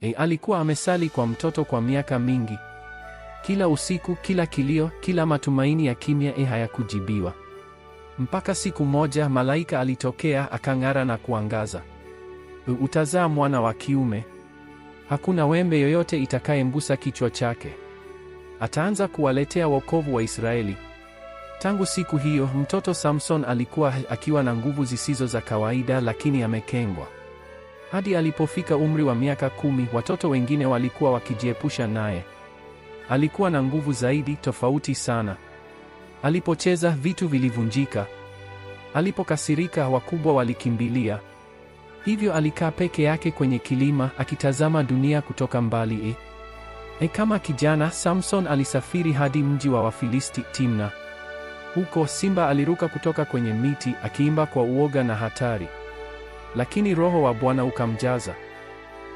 E, alikuwa amesali kwa mtoto kwa miaka mingi. Kila usiku, kila kilio, kila matumaini ya kimya e, hayakujibiwa. Mpaka siku moja malaika alitokea akang'ara na kuangaza. Utazaa mwana wa kiume. Hakuna wembe yoyote itakayembusa kichwa chake. Ataanza kuwaletea wokovu wa Israeli. Tangu siku hiyo, mtoto Samson alikuwa eh, akiwa na nguvu zisizo za kawaida, lakini amekengwa. Hadi alipofika umri wa miaka kumi, watoto wengine walikuwa wakijiepusha naye. Alikuwa na nguvu zaidi, tofauti sana. Alipocheza vitu vilivunjika. Alipokasirika wakubwa walikimbilia. Hivyo alikaa peke yake kwenye kilima akitazama dunia kutoka mbali. E, e, kama kijana Samson alisafiri hadi mji wa Wafilisti Timna. Huko simba aliruka kutoka kwenye miti akiimba kwa uoga na hatari. Lakini Roho wa Bwana ukamjaza.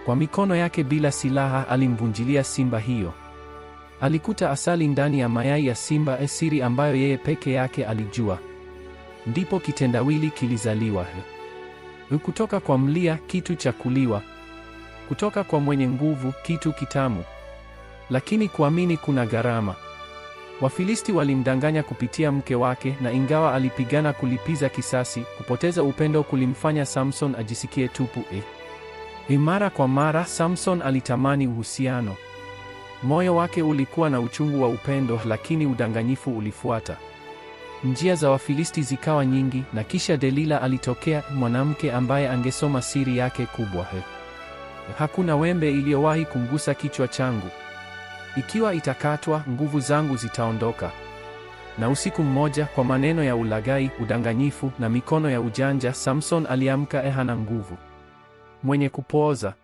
Kwa mikono yake bila silaha alimvunjilia simba hiyo. Alikuta asali ndani ya mayai ya simba, esiri ambayo yeye peke yake alijua. Ndipo kitendawili kilizaliwa, kutoka kwa mlia, kitu cha kuliwa, kutoka kwa mwenye nguvu, kitu kitamu. Lakini kuamini kuna gharama. Wafilisti walimdanganya kupitia mke wake, na ingawa alipigana kulipiza kisasi, kupoteza upendo kulimfanya Samson ajisikie tupu eh. E, mara kwa mara Samson alitamani uhusiano. Moyo wake ulikuwa na uchungu wa upendo, lakini udanganyifu ulifuata. Njia za Wafilisti zikawa nyingi, na kisha Delila alitokea, mwanamke ambaye angesoma siri yake kubwa. He, hakuna wembe iliyowahi kumgusa kichwa changu. Ikiwa itakatwa, nguvu zangu zitaondoka. Na usiku mmoja, kwa maneno ya ulagai udanganyifu na mikono ya ujanja, Samson aliamka ehana nguvu, mwenye kupooza,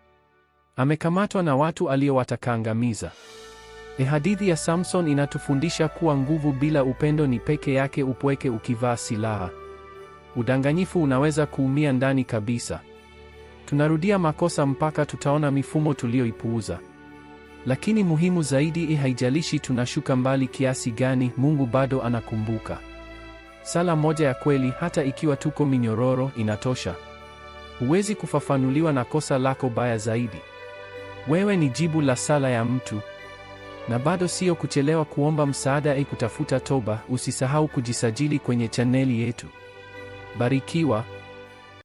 amekamatwa na watu aliowatakaangamiza E, hadithi ya Samson inatufundisha kuwa nguvu bila upendo ni peke yake upweke ukivaa silaha. Udanganyifu unaweza kuumia ndani kabisa. Tunarudia makosa mpaka tutaona mifumo tuliyoipuuza. Lakini muhimu zaidi, i haijalishi tunashuka mbali kiasi gani, Mungu bado anakumbuka. Sala moja ya kweli, hata ikiwa tuko minyororo, inatosha. Huwezi kufafanuliwa na kosa lako baya zaidi. Wewe ni jibu la sala ya mtu. Na bado sio kuchelewa kuomba msaada e, kutafuta toba. Usisahau kujisajili kwenye chaneli yetu. Barikiwa.